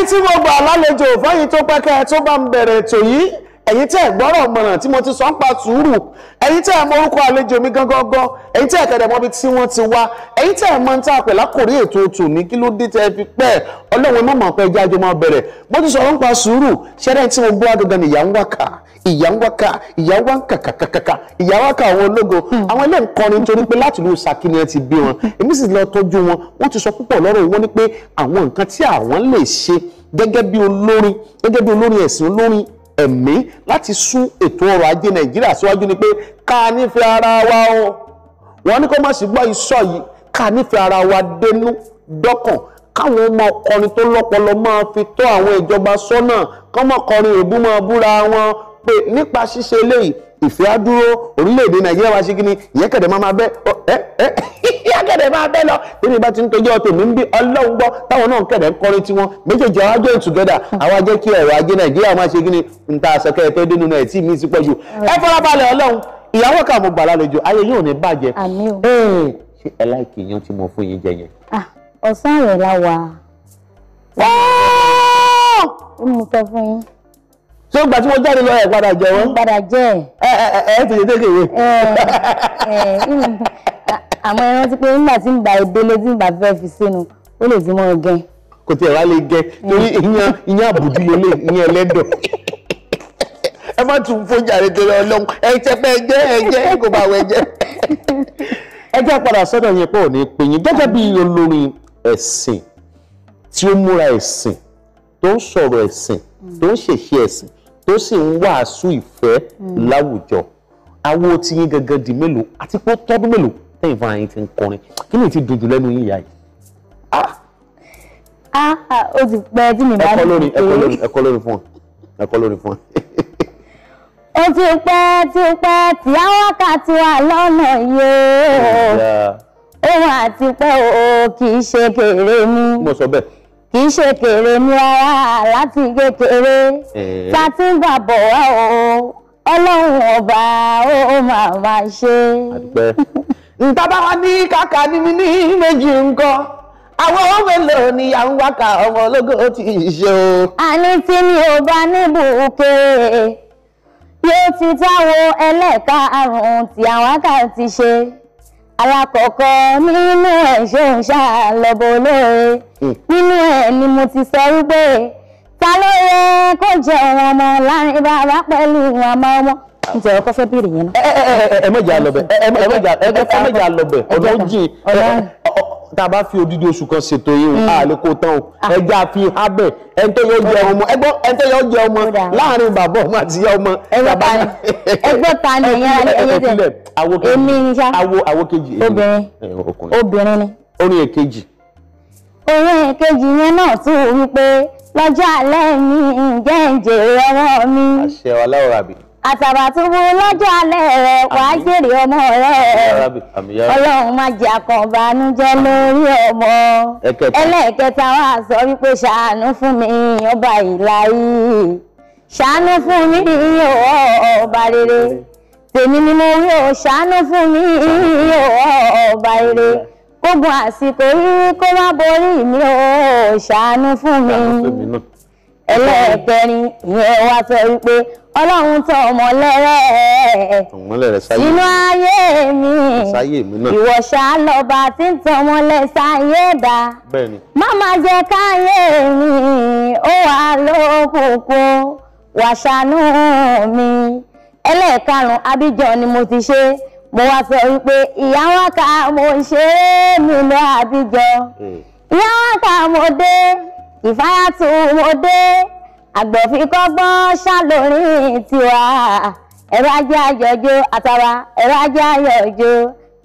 ẹ̀yin tí mo gbà lálejò fẹ́yìn tó pẹ́kẹ́ tó bá ń bẹ̀rẹ̀ ètò yìí ẹ̀yin tẹ́ ẹ̀ gbọ́rọ̀ mọ̀ràn tí mo ti sọ ń pa sùúrù ẹ̀yin tẹ́ ẹ̀ mọ orúkọ àlejò mi gangan ẹ̀yin tẹ́ ẹ̀ kẹ̀dẹ̀ mọ́bi tí wọ́n ti wá ẹ̀yin tẹ́ ẹ̀ mọ ń tà pẹ̀ lákòrí ètò òtò ní kí ló dé tẹ́ ẹ fi pẹ́ ọlọ́run mọ̀mọ́ pẹ́ jẹ́ àjọmọ́ bẹ̀rẹ̀ mo ti sọ̀rọ̀ ń pa sùúrù ṣẹ́rẹ́ tí mo gbọ́ gangan ìyá ń wákà ìyá ń wákà ìyá wá ń kàkàkàkà ìyá wákà àwọn ológo hmm. àwọn ilé ìkọrin nítorí pé láti ìlú Ṣakí ni ẹ ti bí wọn hmm. èmi sì lọ tọ́jú wọn wọ́n ti sọ púpọ̀ lọ́rọ̀ wọn ni pé àwọn nǹkan tí àwọn lè ṣe gẹ́gẹ́ bí olórin gẹ́gẹ́ bí olórin ẹ̀sìn olórin ẹ̀mí láti sún ètò ọrọ̀ ajé nàìjíríà síwájú ni pé ká nífẹ̀ẹ́ ara wa o wọ́n ní kó má sì gbọ́ ìsọ̀ yìí ká nífẹ̀ẹ́ ara wa dénú dọ́kàn káwọn ọmọ ọkọrin tó lọ́pọlọ máa fi tó àwọn ìjọba sọ́nà kọ́mọkọrin èébú máa búra wọn pé nípa ṣíṣe eléyìí ìfẹ́ á dúró orílẹ̀-èdè nàìjíríà wá sí kíni ìyẹn kẹ̀dẹ̀ máa máa bẹ́ ẹ ẹ ìyẹn kẹ̀dẹ̀ máa bẹ́ lọ nínú ìbá tí ń tọjọ́ tèmi ń bí ọlọ́run gbọ́ táwọn náà kẹ̀dẹ̀ ń kọrin tiwọn méjèèjì àwọn ajọ́ ìtùgẹ́dà àwọn ajẹ́ kí ọ̀rọ̀ ajé nàìjíríà máa ṣe kíni ń ta àṣọkẹ́ ẹ̀fẹ́ dénú náà ẹ̀tí mi sí pọ̀ ju ẹ mo gbà fún yín tó gbà tí wọ́n jáde lọ ẹ̀ padà jẹ wọ́n. padà jẹ ẹ. ẹ ẹ ẹ tètè tètè wé. àmọ́ ẹ rántí pé nígbà tí ń gba ìdélé tí ń bá fẹ́ fi sínú ó lè fi mọ́ ọ gẹ. kò tiẹ̀ wá lè gẹ torí iyán iyán àbùdí lélẹ̀ iyán ẹlẹ́dọ̀ ẹ má tún fojá rẹ torí ọlọ́run ẹ jẹ pé ẹ jẹ ẹ jẹ kò bá wẹ jẹ. ẹ jẹ́ padà sọ́dọ̀ yẹn pé ò ní pè yín gẹ́gẹ́ bí olórin ẹ̀sìn tí ó múra ẹ̀sìn tó ń sọ̀rọ̀ ẹ̀sìn tó ń ṣèṣe ẹ̀sìn tó sì ń wàásù ìfẹ́ láwùjọ awo tí yín gangan di mélòó àti pé tọ́dún mélòó tẹ́yìn fún àyín ti ń kọrin kí ni ti dojú lẹ́nu yín yá yìí. Ah! Ah, ah, ó ti pẹ́ tí mi bá ní ìpè ẹ̀kọ́ lórí fún ọ ẹ̀kọ́ lórí fún ọ. ó ti pẹ́ ti pẹ́ tí àwọn wákàtí wà lọ́nà yìí ó wà ti pẹ́ o kì í ṣe kéré mú. mo sọ bẹ́ẹ̀. kì í ṣe kéré ní ara láti kékeré ta ti gbà bọ̀ wá o ọlọ́run ọba ó máa máa ṣe. nǹkan bá ní kàkà ní mi ní méjì nǹkan àwọn ọmọ mélòó ni ọmọ ti ṣe o. àní tí mi ò bá tí ti alákọ̀ọ́kọ́ nínú ẹ̀ ṣe ń ṣá lọ́bọ̀ olóore hmm. nínú ẹ̀ ni mo ti sọ wípé ta ló yẹ kó jẹ òun ọmọ láàrin bàbá pẹ̀lú àmọ́ ọmọ nítorí ọkọ fẹ́ bèrè yẹn náà. ẹ ẹ ẹ mẹjà lọbẹ ẹ mẹjà lọbẹ ọdún jìn tá a bá fi odidi oṣù kan ṣètò yìí mm. a lè kó tán o ah. ẹja fi hábẹ̀ ẹni tó yóò jẹ ọmọ ẹgbọ́n ẹni tó yóò jẹ ọmọ láàrin bàbá ọmọ àti ìyá ọmọ. ẹgbẹ́ ta ni ẹ̀yà ẹ̀yẹ́ tẹ̀ èmi ni sá awo kejì obìnrin obìnrin ni. orin èkejì. orin èkejì yẹn náà tún wípé lọ́jọ́ alẹ́ mi ń jẹ́ ìjèrè ọmọ mi. àṣẹ aláwọ̀ àbí àtàbàtúbú lọ́jọ́ alẹ́ rẹ̀ wàá jèrè ọmọ rẹ̀ ọlọ́run má jẹ́ àkànbánújẹ́ lórí ọmọ ẹlẹ́ẹ̀kẹta wà sọ wípé ṣàánú fún mi ọba ìlàyé ṣàánú fún mi ìyọ̀ ọba rere tèmi ni mo wí o ṣàánú fún mi ìyọ̀ ọba rere kógun àsìkò yìí kó má borí mi o ṣàánú fún mi ẹlẹ́ẹ̀kẹrin ìyẹn wá sọ wípé ọlọ́run tọ́ ọmọ lẹ́rẹ̀ sínú ayé mi ìwọ ṣáá lọ́ba tí ń tọmọ lẹ́sàáyé dá máma jẹ káyé mi ó wà lókùnkùn wàṣánú mi ẹlẹ́ẹ̀karùn-ún abidjan ni mo ti ṣe mo wá sọ wípé ìyá wa ká mo ṣe é mi lọ abidjan hmm. ìyá wa ká mo dé ìfáyàtú mo dé àgbọ̀fikọ́gbọ́n ṣàlórin tiwa ẹ̀rọ ajé ayọ̀jọ́ àtàrà ẹ̀rọ ajé ayọ̀jọ́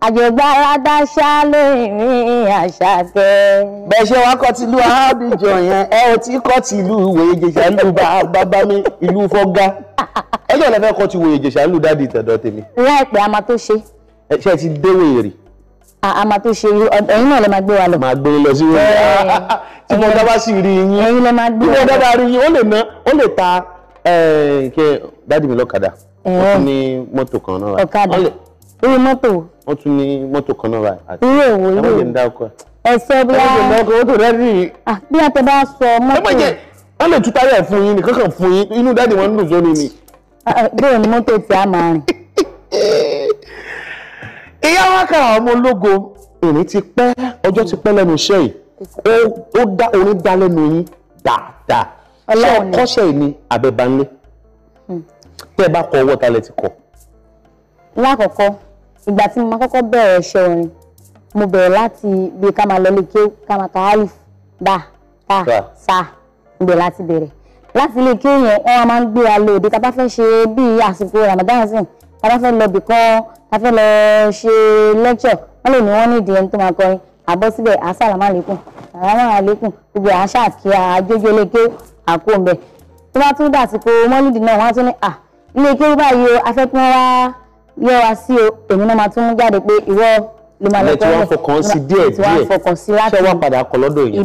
àjògbárada ṣàlórin mi àṣàkẹ́. bẹ́ẹ̀ ṣe wá kọ́ tìlú àádìjọ yẹn ẹ ò tí kọ́ tìlú wèéjèṣà ìlú bàbá mi ìlú fọ́gá ẹjọ́ lẹ́fẹ̀ẹ́ kọ́ ti wèéjèṣà ìlú dáàdì tẹ̀dọ̀ tèmi. láìpẹ́ a máa tó ṣe. ẹ ṣe ti déwèé rì a máa tó ṣe ẹ̀yin náà lè máa gbé wa lọ. máa gbé lọ sí wọn tí mo dábàá sì rí yín ẹ̀yin lè máa gbé wa lọ. bí mo dábàá rí yín ó lè ná ó lè ta kẹ dáàdì mi lọ́kadà wọ́n tún ní mọ́tò kan náà. ọ̀kadà irú mọ́tò. wọ́n tún ní mọ́tò kan náà. irú èwo irú èwo ẹsẹ bí a bí a tẹ bá sọ mọ́tò. wọ́n lè tú táyà fún yín nìkan kan fún yín inú dáàdì wọn ń dùn sóni ni. bẹ́ẹ̀ ni mọ́tò tí a máa rìn. káràkárà ọmọ ológo èmi ti pẹ́ ọjọ́ ti pẹ́ lẹ́nu iṣẹ́ yìí ó dá orin dá lẹ́nu yín dáadáa ṣé ọkọ́ṣẹ́ yìí ni àbẹ̀bánlé hmm. tẹ́ ẹ bá kọ ọwọ́ talẹ̀ ti kọ. lákọ̀ọ́kọ́ ìgbà tí mo máa kọ́kọ́ bẹ̀rẹ̀ iṣẹ́ orin mo bẹ̀rẹ̀ láti bí ká máa lọlé kí ká máa ka alif bá ta sa ibẹ̀ láti bẹ̀rẹ̀ láti ilé kí èèyàn wọn máa ń gbé alẹ́ òde tá a bá fẹ́ ṣe bíi àsìkò Ramadan sìn ta bá fẹ́ lọ bì kan ta fẹ́ lọ ṣe lecture wọ́n lè ní wọ́n ní ìdíyẹn tó máa kọrin àbọ̀ síbẹ̀ àṣàlámà lẹ́kùn àṣàlámà lẹ́kùn gbogbo àṣà kí àjójó lékè àkó ń bẹ̀ tó bá tún dàsìkò mọ́lídìí náà wọ́n á tún ní à ilé ike báyìí o afẹ́ kí wọ́n wá yẹ wa sí o èmi náà máa tún jáde pé ìwọ ló máa lọ kọ́ ẹ̀ tí wọ́n fọkàn sí díẹ̀ díẹ̀ ṣé wọ́n padà kọ́ lọ́dọ̀ yìí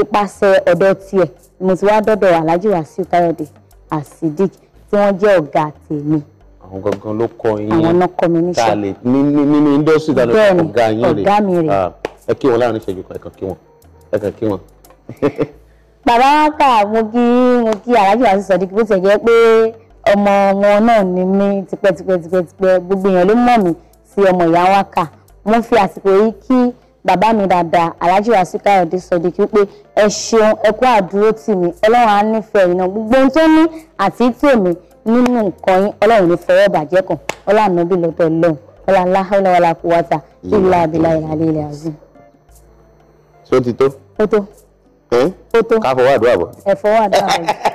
ipasẹ̀ ọ̀dọ̀ tiẹ̀ mo ti wá dọ́dọ̀ Alhaji Wasiu Kayode Asidik tí wọ́n jẹ́ ọ̀gá tèmi. àwọn gangan ló kọ́ yín àwọn náà kọ́ mi níṣẹ́ ta lè nínú indọ́sì dáná ọ̀gá yín rè ọ̀gá mi rè ah, ẹ kí wọn láàrin ìṣẹ́jú kan ẹ kàn kí wọn ẹ kàn kí wọn. bàbá wa kà mo kí mo kí Alhaji Wasiu Sadiq bó ti jẹ́ pé ọmọ wọn náà ni mí tipẹ́tipẹ́tipẹ́ gbogbo èèyàn ló mọ̀ mí sí ọmọ ìyá wa kà mo fi àsìkò yìí kí bàbá mi dáadáa alhaji wasika ọdẹ sọdíkì pé ẹ ṣeun ẹ kú àdúró tì mí ọlọ́run á nífẹ̀ẹ́ iná gbogbo ohun tó ní àti tèmi nínú nǹkan yín ọlọ́run ní fọwọ́ bàjẹ́ kan ọlọ́run nàbí lọ́dọ̀ ọlọ́run ọlọ́run láhàlá wàlá kú wáta ìlà àbílà ìlàlẹ́ ilẹ̀ àzù. ṣé ó ti tó. ó tó. ó ká fọwọ́ àdúrà bọ̀. ẹ fọwọ́ àdúrà bọ̀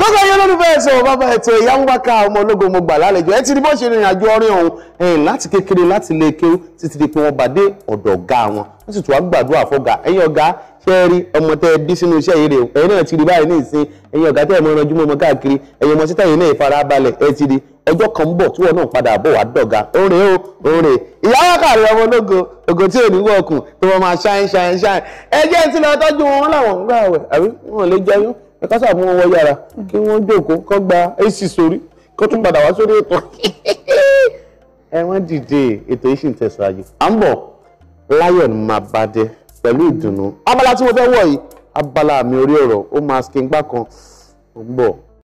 lọ́gbà yẹn lólùfẹ́ ẹ̀sọ́ bàbá ètò ìyá ń wákà ọmọ ológo mo gbà lálejò ẹ ti di bó ṣe rìnrìn àjò ọrẹ ọ̀hún ẹ̀yìn láti kékeré láti lè kéwú títí di pé wọ́n bá dé ọ̀dọ̀ ọ̀gá wọn wọ́n sì tún wá gbàdúrà fọ́gà ẹ̀yin ọ̀gá ṣe rí ọmọ tẹ́ ẹ bí sínú iṣẹ́ yìí rè o ẹ̀yin náà ti rí báyìí ní ìsín ẹ̀yin ọ̀gá tẹ́ ẹ̀ mọ́ ẹranjú mọ́ káàkiri ẹ̀yin ọmọ sítáyìn náà ìfarabalẹ̀ ẹ ti rí ọjọ́ kan ń bọ̀ tí wọn náà padà bọ̀ wá dọ̀gá òrè o òrè ìyá wákàrí ọmọ ológo ògo ẹ ẹ ká sàmú wọn wọ yàrá kí wọ́n jókòó kọ́ gba ac sórí kó tún padà wá sórí ètò ẹ wọ́n dìde ètò yìí sì ń tẹ̀síwájú à ń bọ̀ láyọ̀ ni máa bá dé pẹ̀lú ìdùnnú abala tí mo fẹ́ wọ̀ yìí abala mi orí ọ̀rọ̀ ó máa ṣe gbá kan ó ń bọ̀.